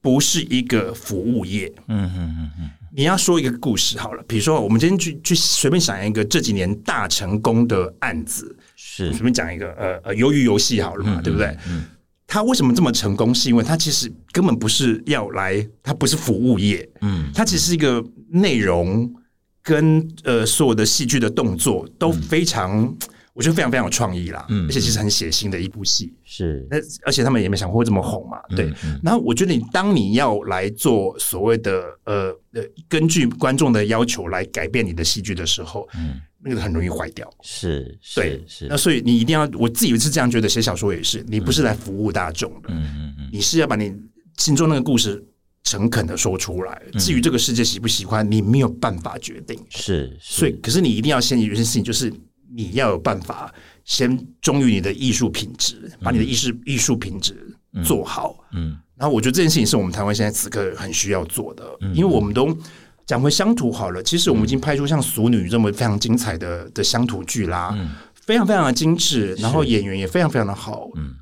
不是一個服務業。嗯嗯嗯嗯。你要說一個故事好了，比如說我們今天去去隨便想一個這幾年大成功的案子，是隨便講一個，呃呃，魷魚遊戲好了嘛，嗯、對不對？嗯，它，嗯、為什麼這麼成功？是因為它其實根本不是要來，它不是服務業，嗯，它其實是一個內容跟呃所有的戲劇的動作都非常。我覺得非常非常有創意啦，而且其實很寫心的一部戲是，那而且他們也沒想過會這麼紅嘛，對。然後我覺得你當你要來做所謂的呃呃，根據觀眾的要求來改變你的戲劇的時候，嗯，那個很容易壞掉，是，是，是。那所以你一定要，我自己是這樣覺得，寫小說也是，你不是來服務大眾的，嗯嗯嗯，你是要把你心中那個故事誠懇的說出來。至於這個世界喜不喜歡，你沒有辦法決定，是。所以，可是你一定要先有一件事情就是。你要有辦法先忠於你的藝術品質，嗯、把你的藝術藝術品質做好。嗯，嗯然後我覺得這件事情是我們台灣現在此刻很需要做的，嗯嗯、因為我們都講回鄉土好了。嗯、其實我們已經拍出像《俗女》這麼非常精彩的的鄉土劇啦，嗯、非常非常的精緻，是然後演員也非常非常的好。嗯。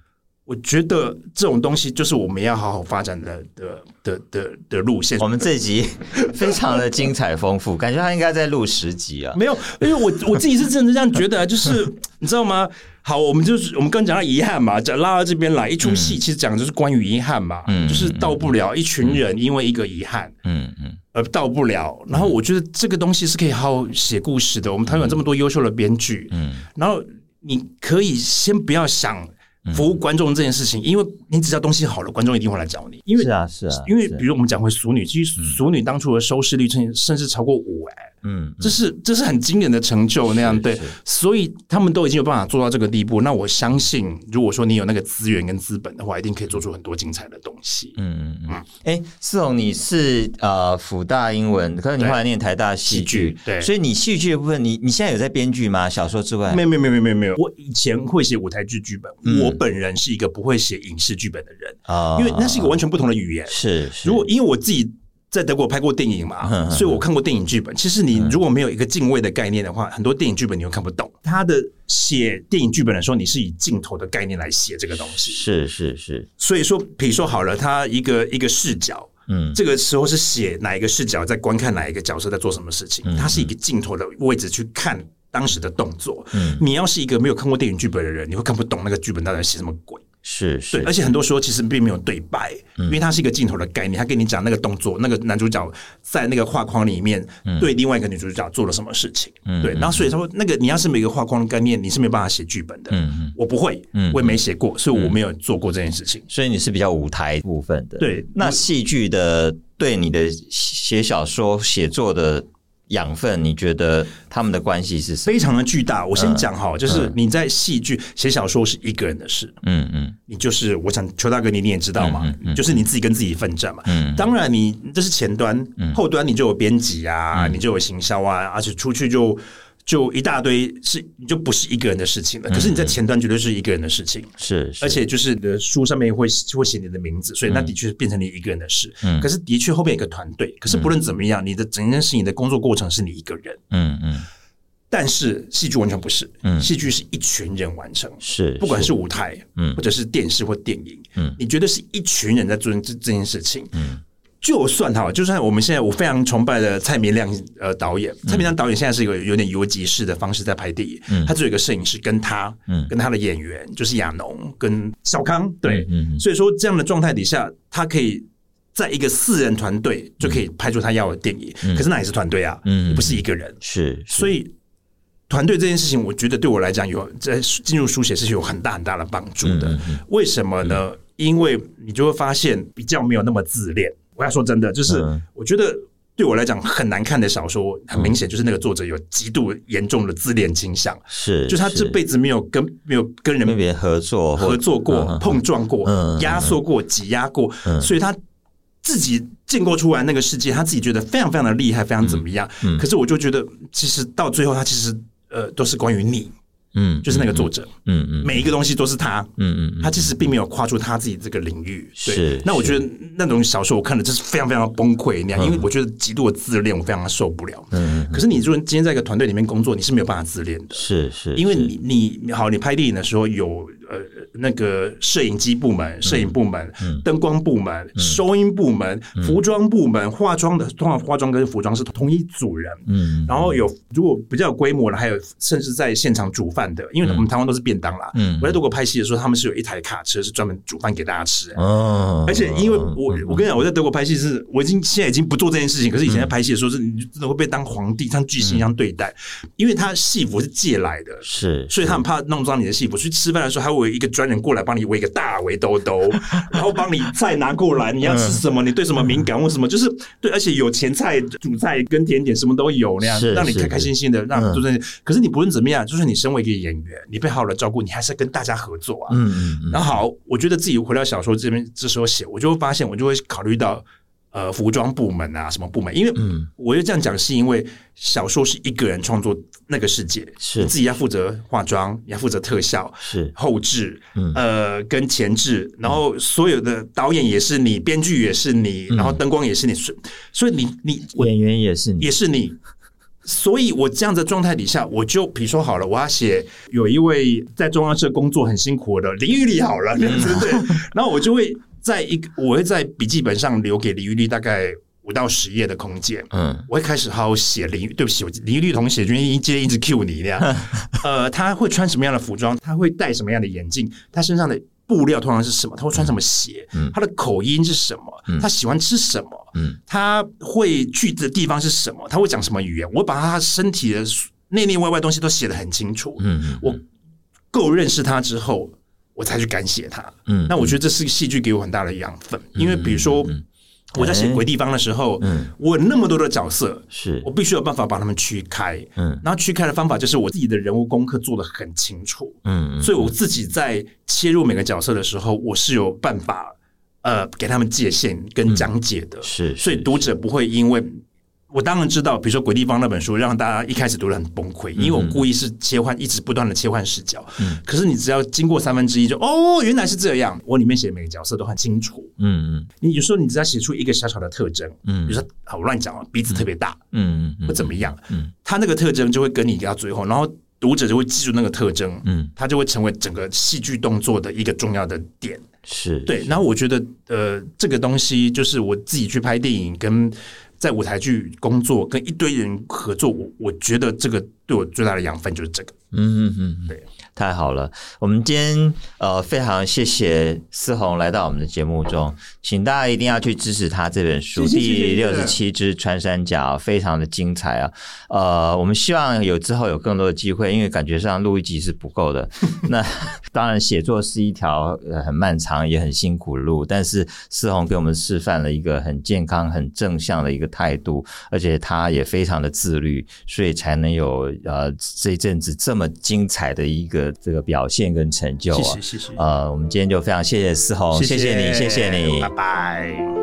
我覺得這種東西就是我們要好好發展的的的的的路線。我們這集非常的精彩豐富， 感覺他應該再錄十集啊。沒有，因為我我自己是真的這樣覺得，就是 你知道嗎？好，我們就是我們剛講到遺憾嘛，講拉到這邊來一出戲，其實講的就是關於遺憾嘛，嗯、就是到不了一群人，因為一個遺憾，嗯嗯，而到不了。嗯、然後我覺得這個東西是可以好好寫故事的。我們台灣這麼多優秀的編劇、嗯，嗯，然後你可以先不要想，服務觀眾這件事情，嗯、因為你只要東西好了，觀眾一定會來找你。因為是啊，是啊，是啊，因為比如我們講回《俗女》啊，其實、啊《俗女》當初的收視率甚甚至超過五萬。嗯，這是這是很驚人的成就那樣對，所以他們都已經有辦法做到這個地步。那我相信，如果說你有那個資源跟資本的話，一定可以做出很多精彩的東西。嗯嗯，哎，思宏，你是呃輔大英文，可是你後來念台大戲劇，對，所以你戲劇的部分，你你現在有在編劇嗎？小說之外，沒有沒有沒有沒有沒有，我以前會寫舞台劇劇本。我本人是一個不會寫影視劇本的人啊，因為那是一個完全不同的語言。是，如果因為我自己。在德國拍過電影嘛，哼哼哼，所以我看過電影劇本。其實你如果沒有一個鏡位的概念的話，哼很多電影劇本你會看不懂。他的寫電影劇本的時候，你是以鏡頭的概念來寫這個東西。是是是。是是，所以說，比如說好了，他一個一個視角，嗯，這個時候是寫哪一個視角在觀看哪一個角色在做什麼事情，他是一個鏡頭的位置去看當時的動作。嗯，你要是一個沒有看過電影劇本的人，你會看不懂那個劇本到底寫什麼鬼。是，是。而且很多時候其實並沒有對白，因為它是一個鏡頭的概念，嗯、它跟你講那個動作，那個男主角在那個畫框裡面，對另外一個女主角做了什麼事情，嗯、對，然後所以他說那個你要是每個畫框的概念，你是沒辦法寫劇本的，嗯、我不會，嗯、我也沒寫過，所以我沒有做過這件事情，所以你是比較舞台部分的，對，那戲劇的對你的寫小說寫作的養分，你覺得他們的關係是什麼？非常的巨大。我先講哈，嗯、就是你在戲劇、寫、嗯、小說是一個人的事，嗯嗯，嗯你就是我想邱大哥你你也知道嘛，嗯嗯嗯、就是你自己跟自己奮戰嘛，嗯，當然你這、就是前端，嗯、後端你就有編輯啊，嗯、你就有行銷啊，而且出去就。就一大堆是，你就不是一個人的事情了。可是你在前端絕對是一個人的事情，是。而且就是你的書上面會會寫你的名字，所以那的確變成你一個人的事。嗯。可是的確後面有個團隊，可是不論怎麼樣，你的整件事情的工作過程是你一個人。嗯嗯。但是戲劇完全不是，戲劇是一群人完成。是，不管是舞台，嗯，或者是電視或電影，嗯，你覺得是一群人在做這這件事情。嗯。就算哈，就算我們現在我非常崇拜的蔡明亮呃導演，嗯、蔡明亮導演現在是一個有點遊擊式的方式在拍電影，嗯、他只有一個攝影師跟他，嗯、跟他的演員就是亞儂跟小康，對，嗯嗯嗯、所以說這樣的狀態底下，他可以在一個四人團隊就可以拍出他要的電影，嗯、可是那也是團隊啊，嗯嗯、不是一個人是，是所以團隊這件事情，我覺得對我來講有在進入書寫是有很大很大的幫助的，嗯、為什麼呢？嗯、因為你就會發現比較沒有那麼自戀。大家說真的，就是我覺得對我來講很難看的小說，嗯、很明顯就是那個作者有極度嚴重的自戀傾向，是、嗯，就他這輩子沒有跟沒有跟人別人合作合作過，是是碰撞過，壓縮、嗯、過，擠壓、嗯、過，嗯、所以他自己建構出來那個世界，他自己覺得非常非常的厲害，非常怎麼樣？嗯嗯、可是我就覺得，其實到最後，他其實呃，都是關於你。嗯，就是那個作者，嗯嗯，每一個東西都是他，嗯嗯，他其實並沒有跨出他自己這個領域，是對。那我覺得那種小說我看的就是非常非常崩潰那樣，嗯，因為我覺得極度的自戀，我非常受不了。嗯，可是你如果今天在一個團隊裡面工作，你是沒有辦法自戀的，是是，是因為你你，好，你拍電影的時候有。呃，那個攝影機部門、攝影部門、嗯嗯、燈光部門、嗯、收音部門、嗯、服裝部門、化妝的，通常化妝跟服裝是同一組人。嗯，然後有如果比較有規模的，還有甚至在現場煮飯的，因為我們台灣都是便當啦。嗯，我在德國拍戲的時候，他們是有一台卡車是專門煮飯給大家吃。哦、而且因為我我跟你講，我在德國拍戲是，我已經現在已經不做這件事情，可是以前在拍戲的時候是，嗯、你真的會被當皇帝、像巨星一樣對待，嗯、因為他戲服是借來的，是，所以他很怕弄髒你的戲服。去吃飯的時候還會。一個專人過來幫你圍一個大圍兜兜， 然後幫你菜拿過來。你要吃什麼？嗯、你對什麼敏感？或什麼？就是對，而且有前菜、主菜跟甜點什麼都有那樣，讓你開開心心的。是是讓就可是你不論怎麼樣，嗯、就是你身為一個演員，你被好了照顧，你還是要跟大家合作啊。嗯嗯嗯，然後好，我覺得自己回到小說這邊，這時候寫，我就會發現，我就會考慮到。呃，服裝部門啊，什麼部門？因為我就這樣講，是因為小說是一個人創作那個世界，是你自己要負責化妝，你要負責特效，是後製，嗯、呃，跟前置，然後所有的導演也是你，編劇也是你，然後燈光也是你，所、嗯、所以你你，演員也是你，也是你，所以我這樣的狀態底下，我就比如說好了，我要寫有一位在中央社工作很辛苦的林玉麗，好了，對、嗯、不對？ 然後我就會。在一個，我會在筆記本上留給李玉律大概五到十頁的空間。嗯，我會開始好好寫李。對不起，我李玉律同學就一直一直 cue 你那樣。呵呵呃，他會穿什麼樣的服裝？他會戴什麼樣的眼鏡？他身上的布料通常是什麼？他會穿什麼鞋？嗯、他的口音是什麼？嗯、他喜歡吃什麼？嗯、他會去的地方是什麼？他會講什麼語言？我把他身體的內內外外東西都寫得很清楚。嗯嗯，我夠認識他之後。我才去感謝他，嗯、那我覺得這是戲劇給我很大的養分，嗯、因為比如說我在寫鬼地方的時候，嗯、我有那麼多的角色，是我必須有辦法把他們區開，嗯，然後區開的方法就是我自己的人物功課做得很清楚，嗯，所以我自己在切入每個角色的時候，我是有辦法呃給他們界限跟講解的，嗯、是，是所以讀者不會因為。我當然知道，比如說《鬼地方》那本書，讓大家一開始讀得很崩潰，因為我故意是切換，一直不斷的切換視角。嗯、可是你只要經過三分之一，就哦，原來是這樣。我裡面寫每個角色都很清楚。嗯嗯。嗯，你有時候你只要寫出一個小小的特徵，嗯，比如說好我亂講啊、哦、鼻子特別大，嗯，嗯嗯嗯，或怎麼樣，嗯，嗯，他那個特徵就會跟你到最後，然後讀者就會記住那個特徵，嗯，他就會成為整個戲劇動作的一個重要的點。是對。是，然後我覺得，呃，這個東西就是我自己去拍電影跟。在舞台劇工作，跟一堆人合作，我我覺得這個對我最大的養分就是這個。嗯嗯嗯，對。太好了，我們今天呃非常謝謝思宏來到我們的節目中，請大家一定要去支持他這本書，謝謝，謝謝，《第六十七隻穿山甲》，非常的精彩啊！呃，我們希望有之後有更多的機會，因為感覺上錄一集是不夠的。 那當然，寫作是一條呃很漫長也很辛苦的路，但是思宏給我們示範了一個很健康、很正向的一個態度，而且他也非常的自律，所以才能有呃這一陣子這麼精彩的一個。這個表現跟成就，啊，謝謝謝謝呃，我們今天就非常謝謝思宏，謝謝，謝謝你，謝謝你，拜拜。